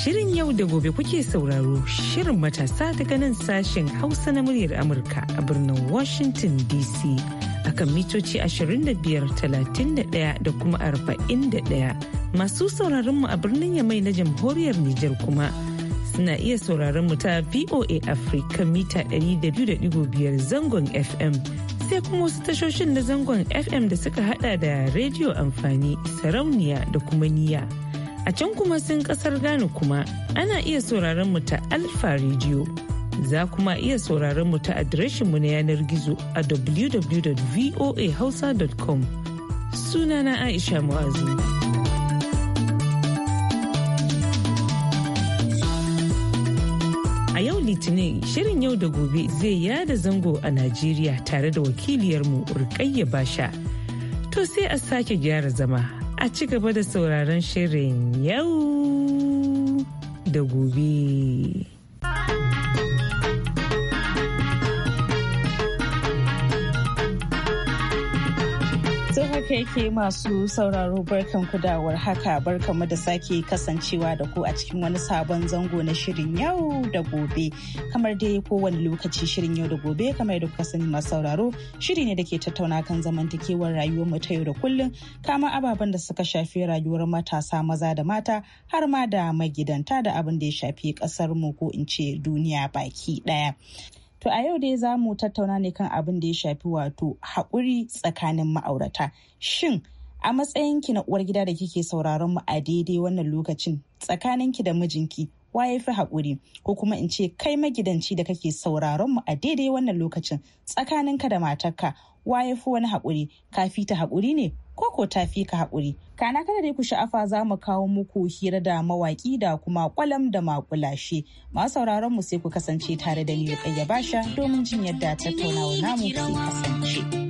Shirin yau da gobe kuke sauraro shirin matasa daga nan sashen Hausa na muryar Amurka a birnin Washington DC akan mitoci 25,31 da kuma 41 masu sauraron mu a birnin Yamai na jamhuriyar Nijar kuma suna iya sauraron mu ta VOA Africa mita 200.5 zangon FM sai kuma wasu tashoshin na zangon FM da suka hada da rediyo amfani sarauniya da kuma niya. A can kuma sun kasar Ghana kuma ana iya sauraron mu ta Alfa Radio. Za kuma iya sauraron mu ta adireshin mu na yanar gizo a www.voahausa.com. Sunana Aisha Mu'azu. A yau Litinin shirin yau da gobe zai yada zango a Najeriya tare da wakiliyarmu Rukayya Basha. To sai a sake gyara zama a ci gaba da sauraron shirin yau da gobe. haka yake masu sauraro barkan kudawar haka barkanmu da sake kasancewa da ku a cikin wani sabon zango na shirin yau da gobe kamar dai kowane lokaci shirin yau da gobe kamar da kuka sani masu sauraro shiri ne da ke tattauna kan zamantakewar rayuwar mu ta yau da kullum kama ababen da suka shafi rayuwar matasa maza da mata har ma da magidanta da abin da ya shafi kasar mu ko in ce duniya baki ɗaya. To a yau dai za mu tattauna ne kan abin da ya shafi wato haƙuri tsakanin ma'aurata. Shin a matsayinki na uwar gida da kike sauraron mu a daidai wannan lokacin tsakaninki da mijinki wa ya fi haƙuri ko kuma in ce kai magidanci da kake sauraron mu a daidai wannan lokacin tsakaninka da matarka wa ya fi wani haƙuri kafi ta haƙuri ne ko ko ta fi ka haƙuri. Kana kada dai ku sha'afa za mu kawo muku hira da mawaƙi da kuma kwalam da makulashe. Masu sauraron mu sai ku kasance tare da ni Rukayya Basha domin jin yadda tattaunawa namu ke kasance.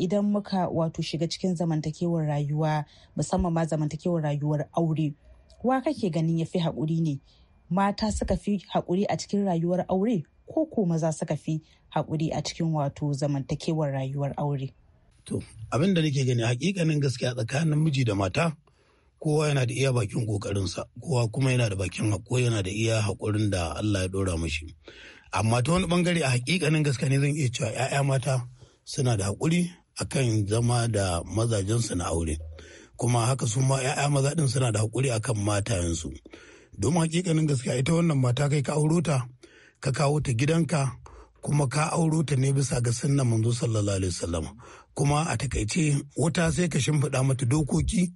idan muka wato shiga cikin zamantakewar rayuwa musamman ma zamantakewar rayuwar aure wa kake ganin ya fi haƙuri ne mata suka fi haƙuri a cikin rayuwar aure ko ko maza suka fi haƙuri a cikin wato zamantakewar rayuwar aure to abin da nake gani hakikanin gaskiya tsakanin miji da mata kowa yana da iya bakin kokarinsa kowa kuma yana da bakin haƙo yana da iya haƙurin da Allah ya ɗora mashi amma ta wani bangare a hakikanin gaskiya ne zan iya cewa 'ya'ya mata suna da haƙuri akan zama da mazajensu na aure kuma haka su ma 'ya'ya maza ɗin suna da haƙuri akan matayensu domin hakikanin gaskiya ita wannan mata kai ka auro ta ka kawo ta gidanka kuma ka auro ta ne bisa ga sunnan manzo sallallahu alaihi wasallam kuma a takaice wata sai ka shimfiɗa mata dokoki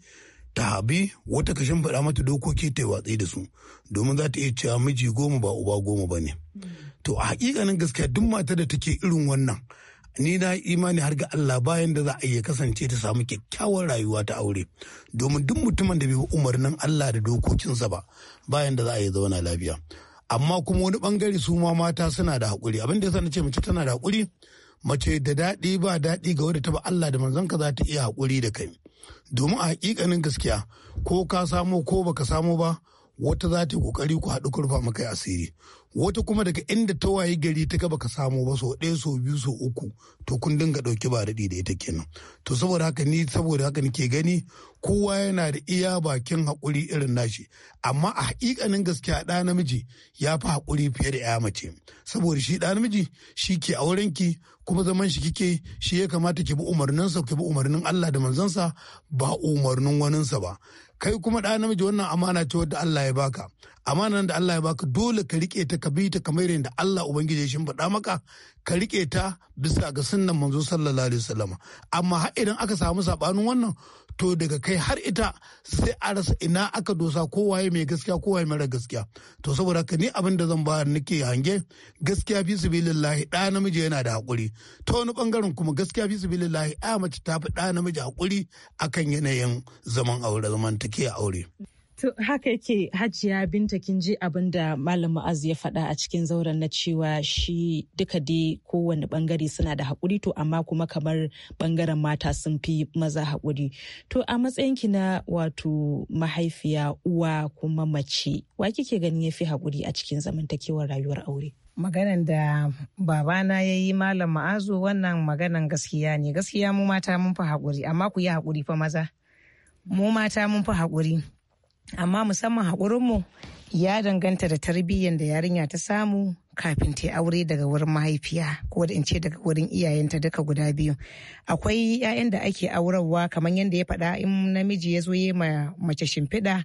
ta habi wata ka shimfiɗa mata dokoki ta yi watsi da su domin za ta iya cewa miji goma ba uba goma ba ne to a hakikanin gaskiya duk mata da take irin wannan ni na imani har ga Allah bayan da za a iya kasance ta samu kyakkyawar rayuwa ta aure domin duk mutumin da bai bi umarnin Allah da dokokinsa ba bayan da za a iya zauna lafiya amma kuma wani bangare su ma mata suna da haƙuri abin da yasa na ce mace tana da haƙuri mace da daɗi ba daɗi ga wadda ta ba Allah da manzanka za ta iya haƙuri da kai domin a haƙiƙanin gaskiya ko ka samo ko baka samo ba wata za ta yi kokari ku haɗu ku maka maka asiri wata kuma daga inda ta waye gari ta gaba ka samu ba so ɗaya so biyu so uku to kun dinga ɗauki ba daɗi da ita kenan to saboda haka ni saboda haka nake gani kowa yana da iya bakin haƙuri irin nashi amma a haƙiƙanin gaskiya ɗa namiji ya fi haƙuri fiye da ya mace saboda shi ɗa namiji shi ke auren ki kuma zaman shi kike shi ya kamata ki bi umarninsa ki bi umarnin Allah da manzansa ba umarnin waninsa ba kai kuma ɗa namiji wannan amana ce wadda Allah ya baka nan da Allah ya baka dole ka rike ta ka bi ta kamar yadda Allah ubangiji ya shimfiɗa maka ka rike ta bisa ga sunnan manzo sallallahu alaihi wasallam amma har idan aka samu sabanin wannan to daga kai har ita sai a rasa ina aka dosa kowaye mai gaskiya kowaye mara gaskiya to saboda haka ni abin da zan ba nake hange gaskiya fi sabilillahi da namiji yana da hakuri ta wani bangaren kuma gaskiya fi sabilillahi a mace ta fi ɗa namiji hakuri akan yanayin zaman aure take aure To haka yake hajiya binta kin ji abin da Malam Mu'az ya faɗa a cikin zauren na cewa shi duka dai kowane bangare suna da haƙuri to amma kuma kamar bangaren mata sun fi maza haƙuri. To a matsayinki na wato mahaifiya uwa kuma mace wa kike gani ya fi haƙuri a cikin zamantakewar rayuwar aure? maganan da babana ya yi malam ma'azu wannan maganan gaskiya ne gaskiya mu mata mun fi haƙuri amma ku yi haƙuri fa maza mu mata mun fi haƙuri amma musamman haƙurinmu ya danganta da tarbiyyar da yarinya ta samu kafin ta aure daga wurin mahaifiya ko da in ce daga wurin iyayenta duka guda biyu akwai 'ya'yan da ake aurarwa kamar yadda ya faɗa in namiji ya zo ya ma mace shimfiɗa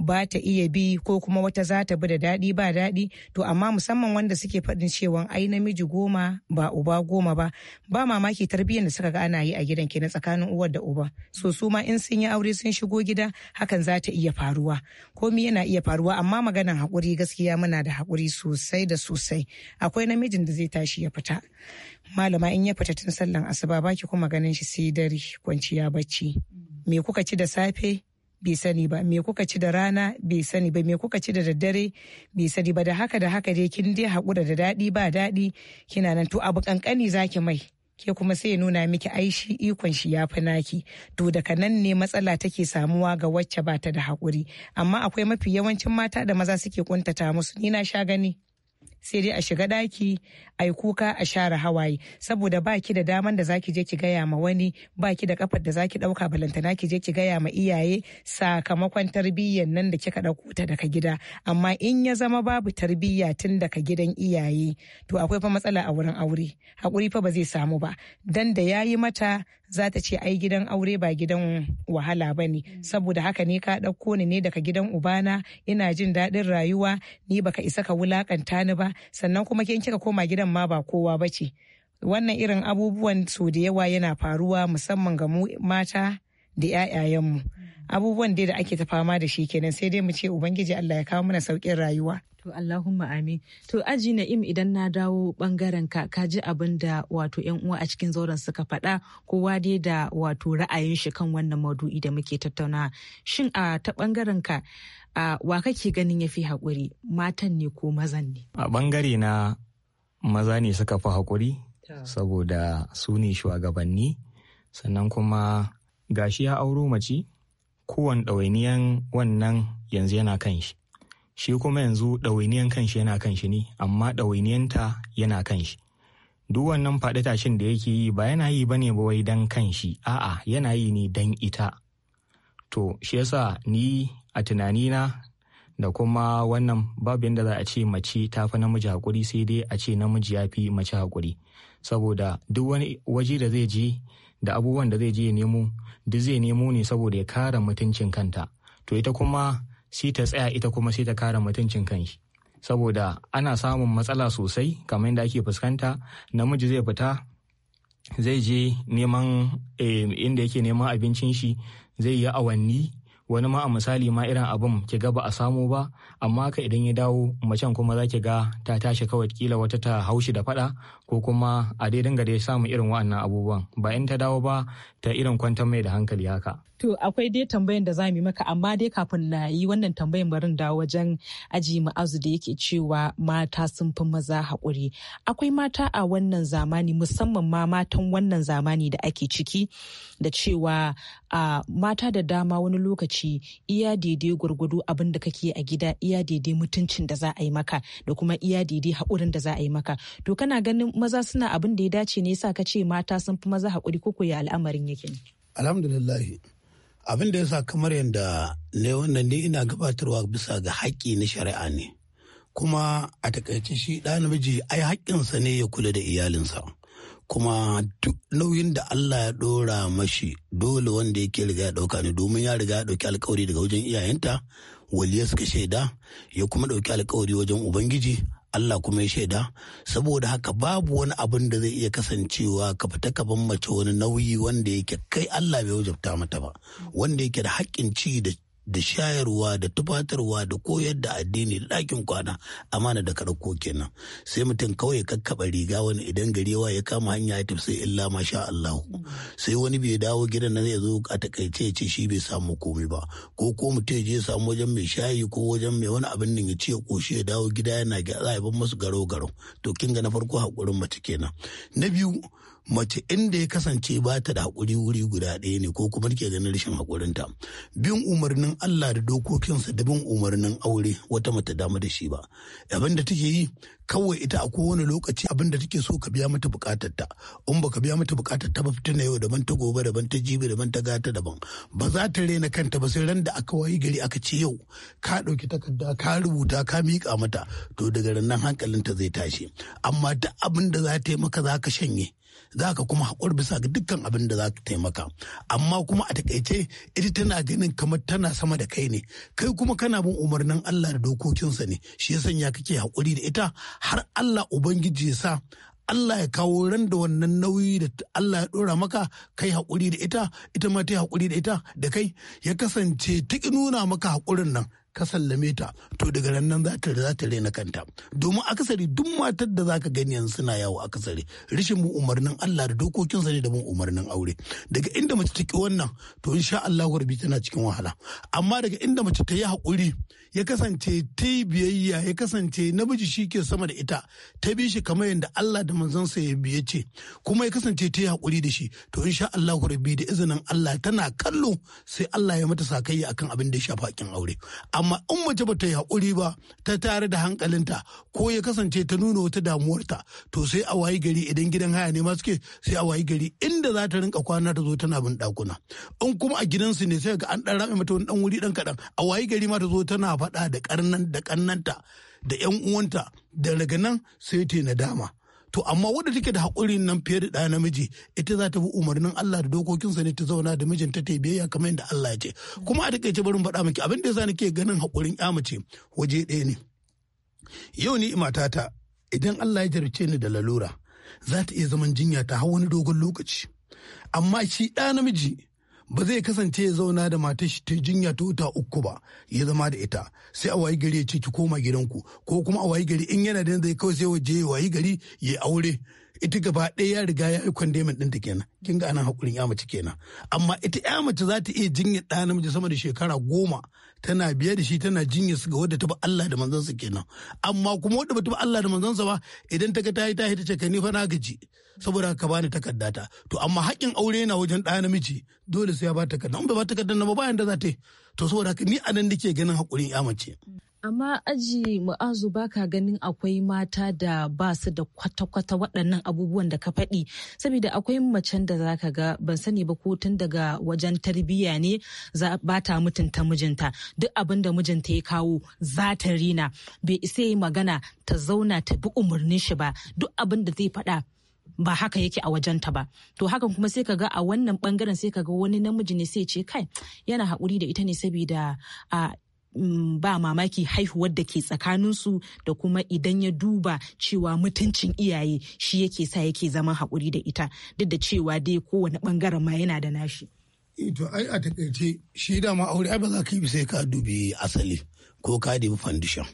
ba ta iya bi ko kuma wata za ta bi da daɗi ba daɗi to amma musamman wanda suke faɗin cewa ai namiji goma ba uba goma ba ba mamaki tarbiyyar da suka ga ana yi a gidan ke na tsakanin uwar da uba so su ma in sun yi aure sun shigo gida hakan za ta iya faruwa komi yana iya faruwa amma maganan haƙuri gaskiya muna da haƙuri sosai da sosai akwai namijin da zai tashi ya fita malama in ya fita tun sallan asuba baki kuma ganin shi sai dare kwanciya bacci me kuka ci da safe bai sani ba me kuka ci da rana bai sani ba me kuka ci da daddare bai sani ba da haka da haka dai kin dai hakura da daɗi ba daɗi kina nan to abu kankani zaki mai ke kuma sai ya nuna miki Aishi ikon shi ya fi naki to daga nan ne matsala take samuwa ga wacce bata da haƙuri amma akwai mafi yawancin mata da maza suke kuntata musu ni na sha gani sai dai a shiga daki a yi kuka a share hawaye saboda baki da daman da zaki je ki gaya ma wani baki da kafar da zaki ɗauka balantana ki je ki gaya ma iyaye sakamakon tarbiyyar nan da kika ɗauko ta daga gida amma in ya zama babu tarbiyya tun daga gidan iyaye to akwai fa matsala a wurin aure hakuri fa ba zai samu ba dan da yayi mata za ta ce ai gidan aure ba gidan wahala ba ne mm. saboda haka ne ka ɗauko ni ne daga gidan ubana ina jin daɗin rayuwa ni baka isa ka wulakanta ni ba sannan kuma kin kika koma gidan ma ba kowa ba ce wannan irin abubuwan su da yawa yana faruwa musamman ga mu mata da 'ya'yayenmu abubuwan dai da ake ta fama da shi kenan sai dai mu ce ubangiji Allah ya kawo mana saukin rayuwa to Allahumma amin to aji na'im idan na dawo bangaren ka ka ji abin da wato yan uwa a cikin zauren suka faɗa kowa dai da wato ra'ayin shi kan wannan maudu'i da muke tattauna. shin a ta bangaren ka a wa kake ganin ya fi haƙuri matan ne ko mazan ne a ɓangare na maza ne suka fi haƙuri saboda su ne shugabanni sannan kuma gashi ya auro mace kowane ɗawainiyan wannan yanzu yana kan shi shi kuma yanzu ɗawainiyan kan shi yana kan shi ne amma ɗawainiyanta yana kan shi duk wannan faɗi tashin da yake yi ba yana yi bane ba wai dan kan shi a'a yana yi ne dan ita to shi yasa ni a tunanina da kuma wannan babu yadda za a ce mace ta fi namiji haƙuri sai dai a ce namiji ya fi mace haƙuri saboda duk wani waje da zai je da abubuwan da zai je ya nemo duk zai nemo ne saboda ya kara mutuncin kanta to ita kuma sai ta tsaya ita kuma sai ta kara mutuncin kanshi saboda ana samun matsala sosai kamar yadda ake fuskanta namiji zai fita zai je neman eh, inda yake neman abincin shi zai yi awanni wani ma a misali ma irin abin ki ga ba a samu ba amma ka idan ya dawo macen kuma za ki ga ta tashi kawai kila wata ta haushi da fada ko kuma a dai gare samun irin wa'annan abubuwan ba in ta dawo ba ta irin kwantar mai da hankali haka. To akwai dai tambayan da za mu yi maka amma dai kafin na yi wannan tambayan barin da wajen aji ma'azu da yake cewa mata sun fi maza haƙuri. Akwai mata a wannan zamani musamman ma matan wannan zamani da ake ciki da cewa a mata da dama wani lokaci iya daidai gwargwado abin da kake a gida iya daidai mutuncin da za a yi maka da kuma iya daidai haƙurin da za a yi maka. To kana ganin maza suna abin da ya dace ne yasa ka ce mata sun fi maza haƙuri ko ya al'amarin yake alhamdulillah abin da yasa kamar yadda ne wannan ne ina gabatarwa bisa ga haƙƙi na shari'a ne kuma a takaice shi ɗa namiji ai haƙƙinsa ne ya kula da iyalinsa kuma duk nauyin da Allah ya ɗora mashi dole wanda yake riga ya ɗauka ne domin ya riga ya ɗauki alkawari daga wajen iyayenta waliya suka shaida ya kuma ɗauki alkawari wajen ubangiji Allah kuma ya shaida saboda haka babu wani abin da zai iya kasancewa ka fita ka mace wani nauyi wanda yake kai Allah bai wajabta mata ba wanda yake da haƙƙin ci da da shayarwa da tufatarwa da koyar da addini da ɗakin kwana amana da karako kenan sai mutum kawai ya kakkaɓa riga wani idan garewa ya kama hanya ya tafi sai illa masha Allah sai wani bai dawo gidan nan ya zo a takaice ya ce shi bai samu komai ba ko ko mutum ya je ya samu wajen mai shayi ko wajen mai wani abin nan ya ce ya koshi ya dawo gida yana ga zaɓen masu garo garo to kin ga na farko hakurin mace kenan na biyu mace inda ya kasance ba ta da haƙuri wuri guda ɗaya ne ko kuma ke ganin rashin haƙurinta bin umarnin Allah da dokokinsa da bin umarnin aure wata mata dama da shi ba abin da take yi kawai ita a kowane lokaci abin da take so ka biya mata bukatarta in baka biya mata bukatarta ba fitina yau daban ta gobe daban ta jibi daban ta gata daban ba za ta rena kanta ba sai ran da aka wayi gari aka ce yau ka ɗauki takarda ka rubuta ka miƙa mata to daga nan hankalinta zai tashi amma duk abin da za ta yi maka za ka shanye za ka kuma haƙuri bisa ga dukkan abin da za ka taimaka amma kuma a takaice ita tana ganin kamar tana sama da kai ne kai kuma kana bin umarnin Allah da dokokinsa ne shi ya sanya kake haƙuri da ita har Allah ubangiji ya sa Allah ya kawo ran da wannan nauyi da Allah ya ɗora maka kai haƙuri da ita ita ma ta haƙuri da ita da kai ya kasance ta nuna maka haƙurin nan ka sallame ta to daga nan nan za ta za ta rena kanta domin akasari duk matar da zaka gani yanzu suna yawo akasari rishin mu umarnin Allah da dokokinsa ne da mun umarnin aure daga inda mace ta ki wannan to insha Allah rabi tana cikin wahala amma daga inda mace ta yi hakuri. ya kasance ta yi biyayya ya kasance namiji shi ke sama da ita ta bi shi kamar yadda Allah da manzansa ya biye ce kuma ya kasance ta yi hakuri da shi to insha Allahu rabbi da izinin Allah tana kallo sai Allah ya mata sakayya akan abin da ya shafa hakin aure amma in mace ba ta yi hakuri ba ta tare da hankalinta ko ya kasance ta nuna wata damuwarta to sai a wayi gari idan gidan haya ne ma suke sai a wayi gari inda za ta rinka kwana ta zo tana bin ɗakuna in kuma a gidansu ne sai ga an ɗan rame mata wani ɗan wuri ɗan kaɗan a wayi gari ma ta zo tana faɗa da karnan da kannanta da yan uwanta da daga nan sai ta nadama to amma wadda take da haƙurin nan fiye da ɗa namiji ita za ta bi umarnin Allah da dokokinsa ne ta zauna da mijinta ta biyayya kamar yadda Allah ya ce kuma a takaice barin faɗa miki abin da yasa nake ganin haƙurin ya mace waje ɗaya ne yau ni matata idan Allah ya jarce ni da lalura za ta iya zaman jinya ta hau wani dogon lokaci amma shi ɗa namiji ba zai kasance ya zauna da matar shi ta jinya ta wuta uku ba ya zama da ita sai a wayi gari ya ce ki koma gidanku ko kuma a wayi gari in yana da zai kawai sai waje ya wayi gari ya aure ita gaba ɗaya ya riga ya yi kwandemin ɗinta kenan kin ga ana hakurin ya mace kenan amma ita ya mace za ta iya jinyar ɗa namiji sama da shekara goma tana biyar da shi tana jinyar su ga wadda ta ba Allah da manzansa kenan amma kuma wadda ba ta ba Allah da manzansa ba idan ta ga ta yi ta ta ce ka ni fa na gaji saboda ka bani takarda ta to amma haƙƙin aure na wajen ɗa namiji dole sai ya ba takarda in ba ba takardar na ba bayan da za ta yi to saboda ni anan nake ganin hakurin ya mace Amma aji mu'azu baka ganin akwai mata da ba su da kwata-kwata waɗannan abubuwan da ka faɗi. Saboda akwai macen da za ka ga ban sani ba ko tun daga wajen tarbiyya ne za ba ta mutunta mijinta. Duk abin da mijinta ya kawo za ta rina. Bai isa yi magana ta zauna ta bi umarnin shi ba. Duk abin da zai faɗa ba haka yake a wajenta ba to hakan kuma sai ka ga a wannan bangaren sai ka ga wani namiji ne sai ce kai yana haƙuri da ita ne saboda a Mm, ba mamaki haihuwar da ke tsakaninsu da kuma idan ya duba cewa mutuncin iyaye shi yake sa yake zama haƙuri da ita duk da cewa dai kowane ɓangaren ma yana da nashi. Eh, to ai a takaice shi dama aure ai ba za ka yi sai ka dubi asali ko ka dubi foundation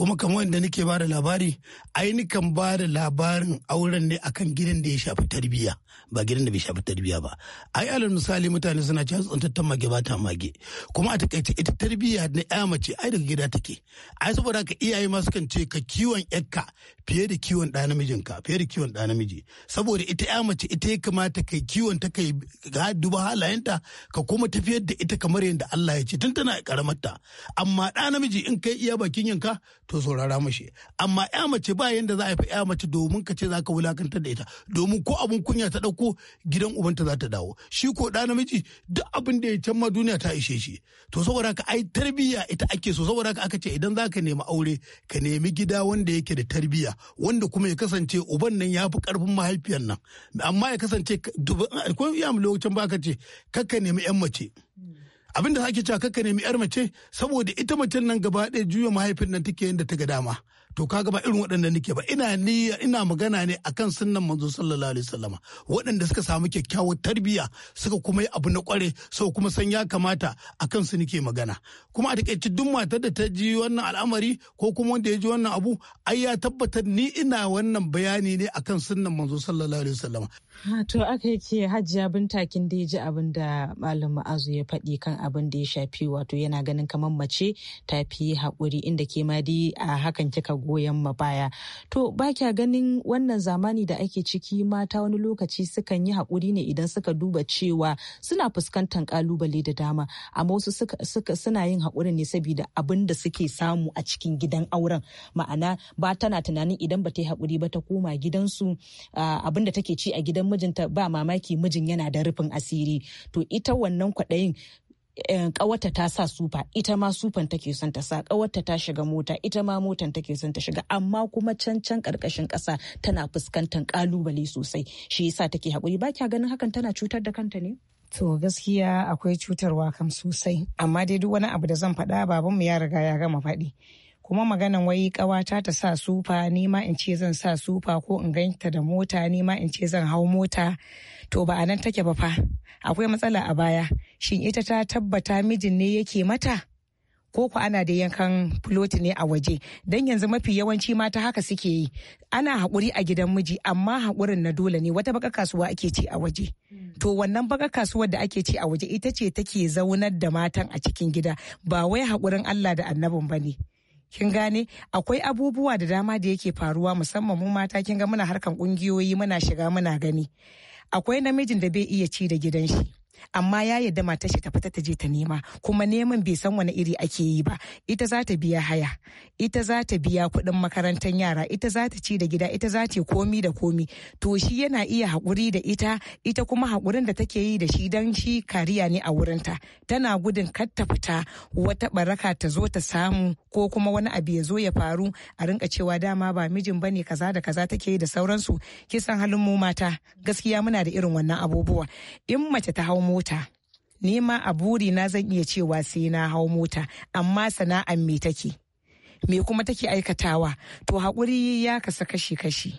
kuma kamar yadda nake ba da labari ainihin ba da labarin auren ne akan gidan da ya shafi tarbiyya ba gidan da bai shafi tarbiyya ba ai alal misali mutane suna cewa tsuntattan mage ba ta mage kuma a takaice ita tarbiyya na ya mace ai daga gida take ai saboda ka iyaye ma sukan ce ka kiwon yakka fiye da kiwon ɗa namijinka fiye da kiwon ɗa namiji saboda ita ya mace ita ya kamata kai kiwon ta kai ga duba halayenta ka kuma tafiyar da ita kamar yadda Allah ya ce tun tana karamarta amma ɗa namiji in kai iya bakin yanka to saurara mashi amma ya mace ba yanda za a fi ya mace domin ka ce za ka wulakantar da ita domin ko abin kunya ta ɗauko gidan ubanta za ta dawo shi ko da namiji duk abin da ya can ma duniya ta ishe shi to saboda ka ai tarbiyya ita ake so saboda ka aka ce idan za ka nemi aure ka nemi gida wanda yake da tarbiyya wanda kuma ya kasance uban nan ya fi ƙarfin mahaifiyar nan amma ya kasance ko mu lokacin ba ka ce kakka nemi yan mace abin da sake cewa kakka nemi yar mace saboda ita mace nan gaba ɗaya juya mahaifin nan take yadda ta ga dama to kaga ba irin waɗanda nake ba ina ni ina magana ne akan sunnan manzo sallallahu alaihi wasallama waɗanda suka samu kyakkyawar tarbiyya suka kuma yi abu na kware sau kuma san ya kamata akan su nake magana kuma a takaice duk matar da ta ji wannan al'amari ko kuma wanda ya ji wannan abu ai ya tabbatar ni ina wannan bayani ne akan sunnan manzo sallallahu alaihi wasallama To aka yake hajiya bintakin da ya ji abin da malam ma'azu ya faɗi kan abin da ya shafi wato yana ganin kamar mace ta fi haƙuri inda ke ma dai a hakan kika goyon ma baya. To ba kya ganin wannan zamani da ake ciki mata wani lokaci sukan yi haƙuri ne idan suka duba cewa suna fuskantar ƙalubale da dama amma wasu suna yin haƙuri ne saboda abin da suke samu a cikin gidan auren ma'ana ba tana tunanin idan ba ta yi haƙuri ba ta koma gidansu abin da take ci a gidan mijinta ba mamaki mijin yana da rufin asiri to ita wannan kwaɗayin kawata eh, ta sa sufa ita ma sufan take son ta sa kawata ta shiga mota ita ma motan take son ta shiga amma kuma can can karkashin kasa tana fuskantar kalubale sosai shi yasa take hakuri ba kya ganin hakan tana cutar da kanta ne To gaskiya akwai cutarwa kam sosai amma dai duk wani abu da zan faɗa babanmu ya riga ya gama faɗi kuma maganan wai kawata ta sa sufa ni ma in ce zan sa sufa ko in ganta da mota ni in ce zan hau mota to ba a nan take ba fa akwai matsala a baya shin ita ta tabbata mijin ne yake mata ko ku ana da yankan filoti ne a waje don yanzu mafi yawanci mata haka suke yi ana haƙuri a gidan miji amma haƙurin na dole ne wata baka kasuwa ake ci a waje hmm. to wannan baka kasuwar da ake ci a waje ita ce take zaunar da matan a cikin gida ba wai haƙurin Allah da annabin ba ne kin gane akwai abubuwa da dama da yake faruwa musamman mu mata kin ga muna harkan kungiyoyi muna shiga muna gani akwai namijin da bai iya ci da gidan shi amma ya yarda matar shi ta fita ta je ta nema kuma neman bai san wani iri ake yi ba ita za ta biya haya ita za ta biya kuɗin makarantar yara ita za ta ci da gida ita za ta komi da komi to shi yana iya haƙuri da ita ita kuma haƙurin da take yi da shi dan shi kariya ne a wurin ta tana gudun kar ta fita wata baraka ta zo ta samu ko kuma wani abu ya zo ya faru a rinka cewa dama ba mijin bane kaza da kaza take yi da sauransu kisan halin mu mata gaskiya muna da irin wannan abubuwa in mace ta hau mota nima a buri na zan iya cewa sai na hau mota amma sana'an me take me kuma take aikatawa to haƙuri ya kasa kashi-kashi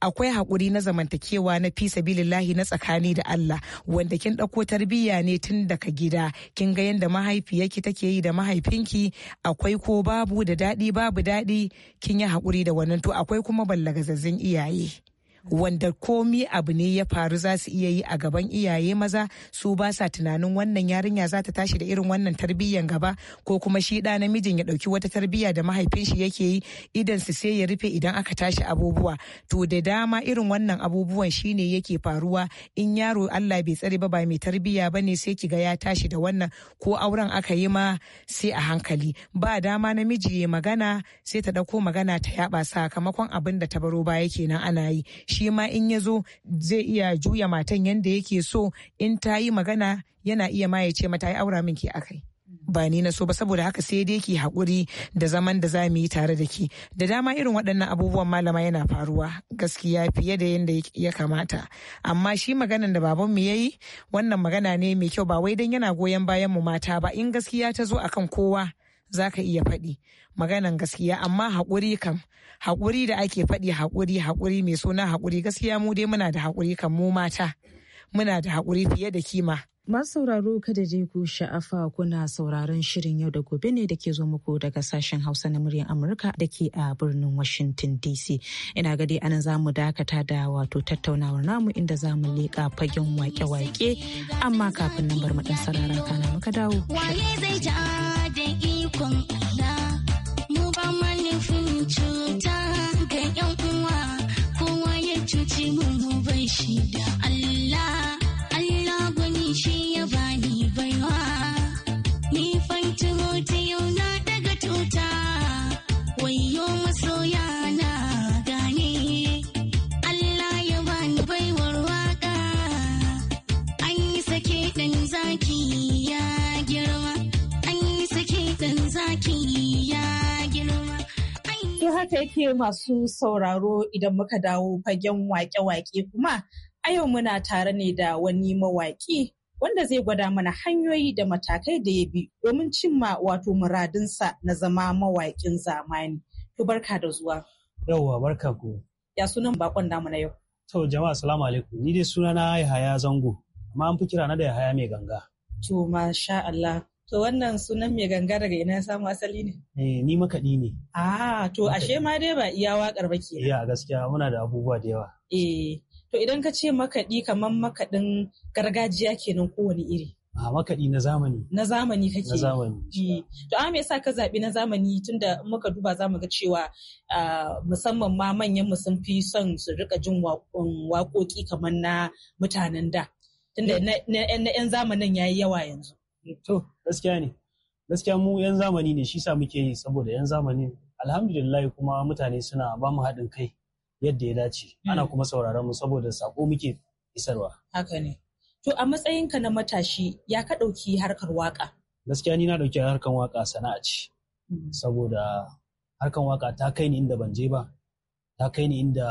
akwai haƙuri na zamantakewa na fi Bilillahi na tsakani da Allah wanda kin ɗauko tarbiyya ne tun daga gida kin ga yadda mahaifiyarki take yi da mahaifinki akwai ko babu da daɗi babu daɗi kin yi haƙuri da wannan to akwai kuma ballagazazzin iyaye wanda komi abu ne ya faru za su iya yi a gaban iyaye maza su ba sa tunanin wannan yarinya za ta tashi da irin wannan tarbiyyan gaba ko kuma shi ɗa namijin ya ɗauki wata tarbiyya da mahaifin shi yake yi idan su sai ya rufe idan aka tashi abubuwa to da dama irin wannan abubuwan shine yake faruwa in yaro Allah bai tsare ba ba mai tarbiyya ba ne sai kiga ya tashi da wannan ko auren aka yi ma sai a hankali ba dama namiji ya magana sai ta ɗauko magana ta yaba sakamakon abin da ta baro baya kenan ana yi shi ma in ya zo zai iya juya matan yadda yake so in ta yi magana yana iya ma ya ce mata ya aura min ki akai ba ni na so ba saboda haka sai dai ki hakuri da zaman da za mu yi tare da ki da dama irin waɗannan abubuwan malama yana faruwa gaskiya fiye da yadda ya kamata amma shi maganan da baban mu yi wannan magana ne mai kyau ba wai dan yana goyon bayan mu mata ba in gaskiya ta zo akan kowa za ka iya faɗi maganan gaskiya amma haƙuri kam haƙuri da ake faɗi haƙuri haƙuri mai suna haƙuri gaskiya mu dai muna da haƙuri kam mu mata muna da haƙuri fiye da kima Masu sauraro kada je ku sha'afa kuna sauraron shirin yau da gobe ne da ke zo muku daga sashen Hausa na muryar Amurka da ke a birnin Washington DC. Ina gadi anan za mu dakata da wato tattaunawar namu inda za mu leƙa fagen wake-wake amma kafin nan bar maɗansararraka na muka dawo. Waye ikon ke masu sauraro idan muka dawo fagen wake-wake kuma a yau muna tare ne da wani mawaƙi wanda zai gwada mana hanyoyi da matakai da ya bi domin cimma wato muradinsa na zama mawakin zamani. To barka da zuwa. Yauwa barka ku. Ya sunan bakon namu na yau. To jama'a salamu alaikum. Ni dai sunana Yahaya Zango amma an fi kira na da Yahaya mai ganga. To masha Allah. To wannan sunan mai ganga daga ina samu asali ne? Eh ni makaɗi ne. Ah to ashe ma dai ba iya waƙar ba ke. Iya gaskiya muna da abubuwa da yawa. Eh to idan ka ce makaɗi kamar makaɗin gargajiya kenan kowane iri. A makaɗi na zamani. Na zamani kake. Na zamani. Eh, to a me yasa ka zaɓi na zamani tunda muka duba za mu ga cewa musamman ma manyan mu sun fi son su riƙa jin waƙoƙi kamar na mutanen da. Tunda eh. na 'yan zamanin ya yi yawa yanzu. to gaskiya ne gaskiya mu yan zamani ne shi sa muke yi saboda yan zamani alhamdulillah kuma mutane suna ba mu haɗin kai yadda ya dace ana hmm. kuma sauraron mu saboda sako muke isarwa haka ne to a matsayinka na matashi ya ka ɗauki harkar waka gaskiya ni na ɗauki harkar waka sana'a ce hmm. saboda harkar waka ta kai ni inda ban je ba ta kai ni inda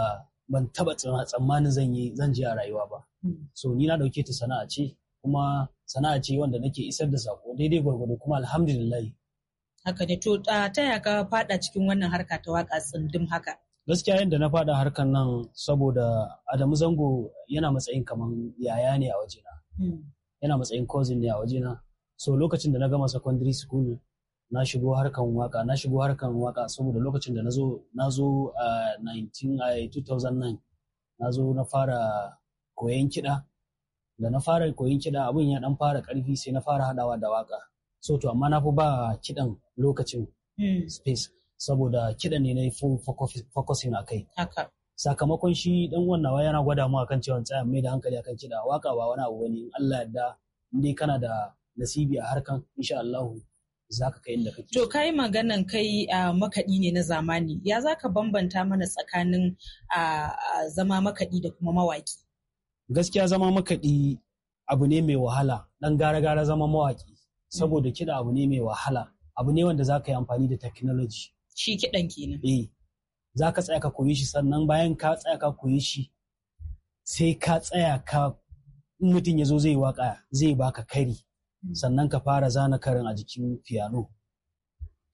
ban taba tsammanin zan yi zan je a rayuwa ba hmm. so ni na dauke ta sana'a ce kuma sana'a ce wanda nake isar da sako daidai gwargwado kuma alhamdulillah haka ne to ta taya ka fada cikin wannan harka ta waka tsindim haka gaskiya yadda na fada harkar nan saboda Adamu Zango yana matsayin kaman yaya ne a wajena hmm. yana matsayin cousin ne a wajena so lokacin da na gama secondary school na shigo harkan waka na shigo harkan waka saboda lokacin da nazo nazo a 19 2009 na zo na fara koyon kiɗa da na fara koyin kiɗa abin ya dan fara ƙarfi sai na fara haɗawa da waka so to amma na fi ba kiɗan lokacin hmm. space saboda kiɗan ne na yi focusing a kai sakamakon shi dan waya yana gwada mu kan cewa tsaya mai da hankali akan kiɗa waka ba wani abu bane in Allah yarda indai kana da nasibi a harkan insha Allah za ka kai inda kake to kai maganan kai makaɗi ne na zamani ya zaka bambanta mana tsakanin zama makaɗi da kuma mawaki gaskiya zama makaɗi abu ne mai wahala Ɗan gara-gara zama mawaƙi saboda kiɗa abu ne mai wahala abu ne wanda za ka yi amfani da technology shi kiɗan kenan eh za ka tsaya ka koyi shi sannan bayan ka tsaya ka koyi shi sai ka tsaya ka mutum ya zo zai waka zai baka kari hmm. sannan ka fara zana karin a jikin piano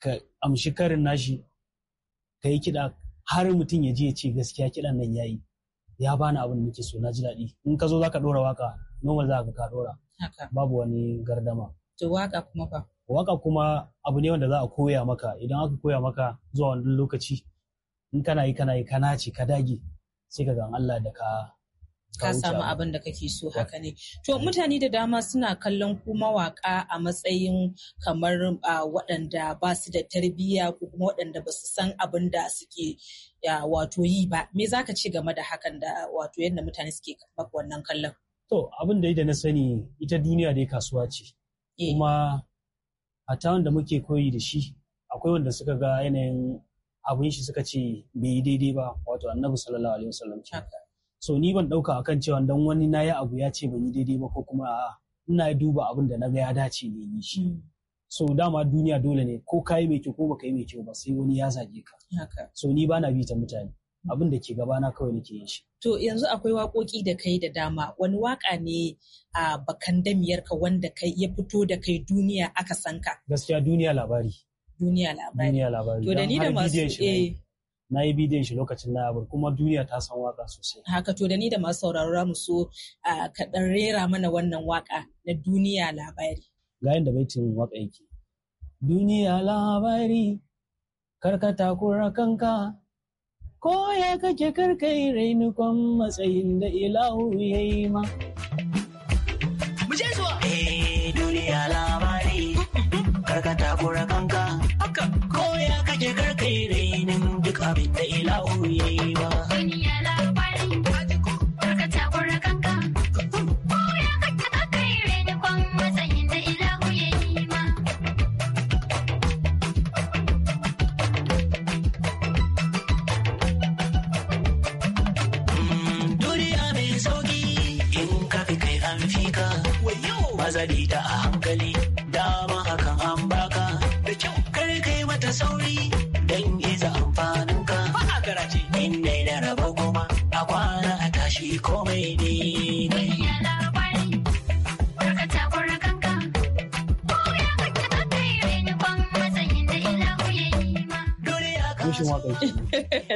ka amshi karin nashi ka yi kiɗa har mutum ya je ya ce gaskiya kiɗan nan yayi ya bani abin da muke so na ji daɗi in ka zo zaka ɗora waka normal za ka ka ɗora babu wani gardama to waka kuma fa waka kuma abu ne wanda za a koya maka idan aka koya maka zuwa wani lokaci in kana yi kana yi kana ce ka dage sai ka ga Allah da ka ka samu abin da kake so haka ne to mm. mutane da dama suna kallon ku mawaka a matsayin kamar waɗanda ba su da tarbiyya ko kuma waɗanda ba su san abin da suke wato yi ba me za ka ce game da hakan da wato yadda mutane suke wannan kallon to abin da na sani ita duniya dai kasuwa ce eh. kuma a hata wanda muke koyi da shi akwai wanda suka ga yanayin abin shi suka ce bai yi daidai ba wato annabi sallallahu alaihi wasallam so ni ban ɗauka akan cewa dan wani na yi abu ya ce ban yi daidai ba ko kuma a'a ina duba abin da na ga ya dace ne yi shi hmm. so dama duniya dole ne ko ka yi mai kyau ko baka yi mai kyau ba sai wani ya zage ka so ni bana bi ta mutane hmm. abin da ke gabana kawai nake yin shi to yanzu akwai waƙoƙi da kai da dama wani waƙa ne a bakan damiyar ka wanda kai ya fito da kai duniya aka san ka gaskiya duniya labari duniya labari duniya labari to da ni da masu na yi bidiyon shi lokacin na kuma duniya ta san waka sosai. Haka to da ni da masu sauraro mu so a kaɗan rera mana wannan waka na duniya labari. Ga yadda baitin waka yake. Duniya labari karkata kura kanka ko ya kake karkai rainukon matsayin da ilahu ya yi ma. Mu je zuwa. Eh, duniya labari karkata kura kanka ko ya kake karkai rainukan ka bi da ilahu yayi ba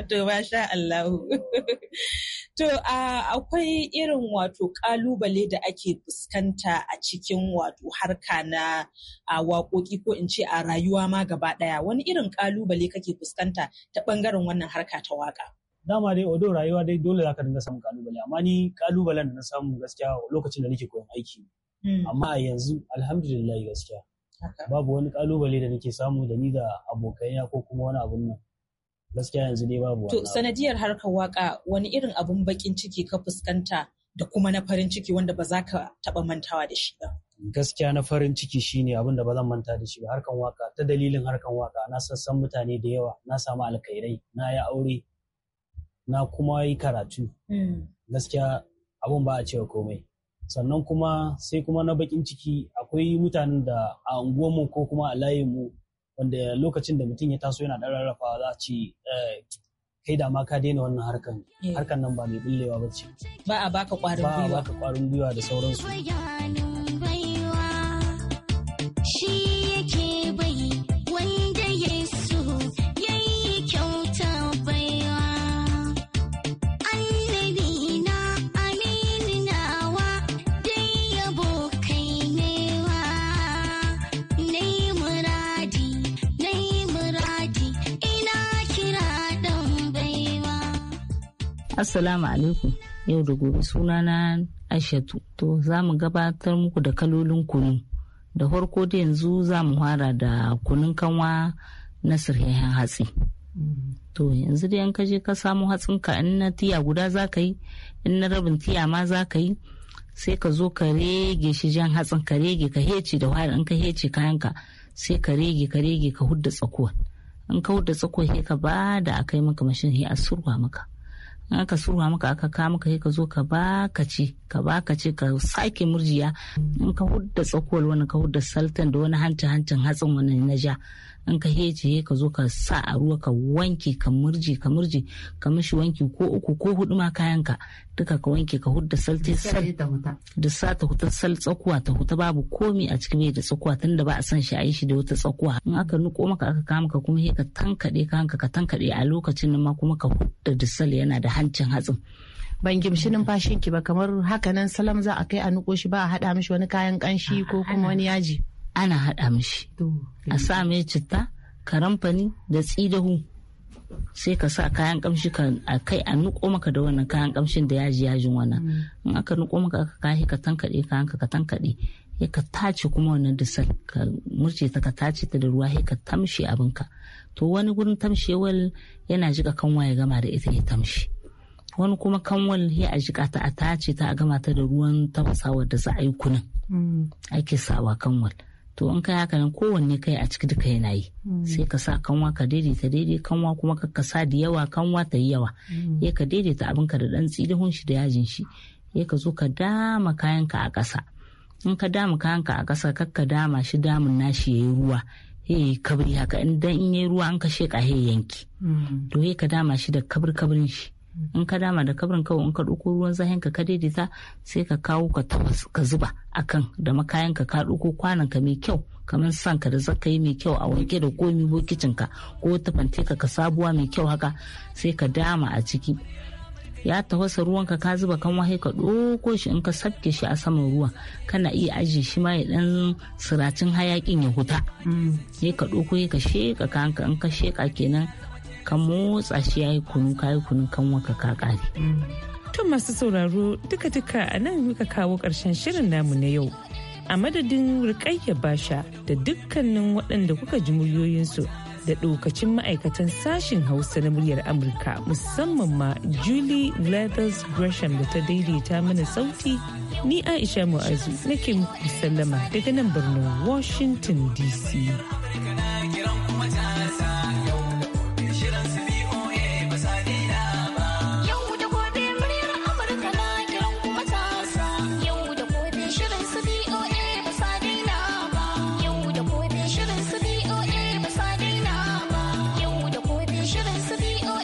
to masha Allahu. to akwai irin wato kalubale da ake fuskanta a cikin wato harka na waƙoƙi ko in ce a rayuwa ma gaba ɗaya wani irin kalubale kake fuskanta ta ɓangaren wannan harka ta waƙa. dama dai odo rayuwa dai dole za ka dinga samun kalubale amma ni kalubalen da na samu gaskiya lokacin da nake koyon aiki hmm. amma a yanzu alhamdulillah gaskiya babu wani kalubale da nake samu da ni da abokaina ko kuma wani abun nan gaskiya yanzu dai babu to sanadiyar harkar waka wani irin abun bakin ciki ka fuskanta da kuma na farin ciki wanda ba za ka taba mantawa da shi ba gaskiya na farin ciki shine abin da ba zan manta da shi ba Harkar waka ta dalilin harkar waka na sassan mutane da yawa na samu alkhairai na yi aure na kuma yi karatu hmm. gaskiya abun ba a cewa komai sannan kuma sai kuma na bakin ciki akwai mutanen da a unguwanmu ko kuma a layinmu wanda lokacin da mutum ya taso yana ɗan rarrafa za a ce eh, kai da ma ka daina wannan harkan eh. harkan nan ba mai bullewa ba ce ba a baka kwarin gwiwa da sauransu Assalamu alaikum yau da gobe sunana ashatu to za mu gabatar muku da kalolin kunu da farko da yanzu za mu fara da kunun kanwa na sirhehen hatsi. To yanzu da yan kaje ka samu ka in na tiya guda za ka yi in na rabin tiya ma za ka yi sai ka zo ka rege shi jan hatsin ka rege ka hece da wahala in ka hece kayanka sai ka rege ka rege ka hudda tsakuwa in ka hudda tsakuwa sai ka ba da kai maka mashin sai a surwa maka in ka surwa maka aka ka maka ka zo ka ba ka ce ka ba ka ce ka sake murjiya in ka hudda tsakuwar wani ka hudda saltan da wani hancin hancin hatsin wani na ja in ka hejiye ka zo ka sa a ruwa ka wanke ka murje ka murje ka mishi wanki ko uku ko hudu ma kayan ka duka ka wanke ka hudu da sal da sa ta huta sal tsakuwa ta huta babu komi a cikin bai da tsakuwa tunda ba a san shi a yi shi da wata tsakuwa in aka nuko maka aka kama ka kuma he ka tankade hanka ka tankade a lokacin nan ma kuma ka hudu da sal yana da hancin hatsin ban gimshi numfashin ki ba kamar haka nan salam za a kai a nuko shi ba a haɗa mishi wani kayan kanshi ko kuma wani yaji ana haɗa mishi a sa eh. mai citta karamfani da tsidahu sai ka sa kayan kamshi a kai a nuko maka da wannan kayan kamshin da yaji yajin wannan mm. in aka nuko maka aka kashi ka tankade kayan ka tankade ya ka tace kuma wannan dusar ka murce ta ka tace ta da ruwa sai ka tamshe abinka to wani gurin wal yana jika kanwa ya gama da ita ya tamshe wani kuma kanwal ya a jika ta a tace ta a gama ta da ruwan tafasa da za a yi kunan mm. ake sawa kanwal to in kai haka nan kowanne kai a ciki duka yana yi hmm. sai ka sa kanwa ka daidaita daidai kanwa kuma ka sa da yawa kanwa ta yi yawa ya hmm. ka daidaita ka da dan tsilihun shi da yajin shi ya ka zo ka dama kayanka a ƙasa in ka dama kayanka a ƙasa kar ka dama shi damun nashi yayi ruwa yi kabri haka in dan in yayi ruwa an ka sheka he yanki hmm. to he ka dama shi da kabir kabrin shi in ka dama da kabrin kawai in ka ɗauko ruwan zahin ka daidaita sai ka kawo ka tabas ka zuba a kan da makayan ka ka ɗauko kwanan ka mai kyau kamar san ka da zaka yi mai kyau a wanke da komi bokicin ka ko tafante ka ka sabuwa mai kyau haka sai ka dama a ciki ya tafasa ruwanka ka zuba kan wahai ka ɗauko shi in ka sabke shi a saman ruwa kana iya ajiye shi ma ya ɗan siracin hayakin ya huta ya mm. ka ya ka sheka kanka in ka sheka kenan ka motsa shi ya yi kunu ka yi kunu kan waka ka kare. To masu sauraro duka-duka a nan muka kawo ƙarshen shirin namu na yau. A madadin rikayya basha da dukkanin waɗanda kuka ji muryoyinsu da ɗokacin ma'aikatan sashin Hausa na muryar Amurka musamman ma Julie Leathers Gresham da ta daidaita mana sauti ni Aisha Mu'azu nake muku sallama daga nan birnin Washington DC.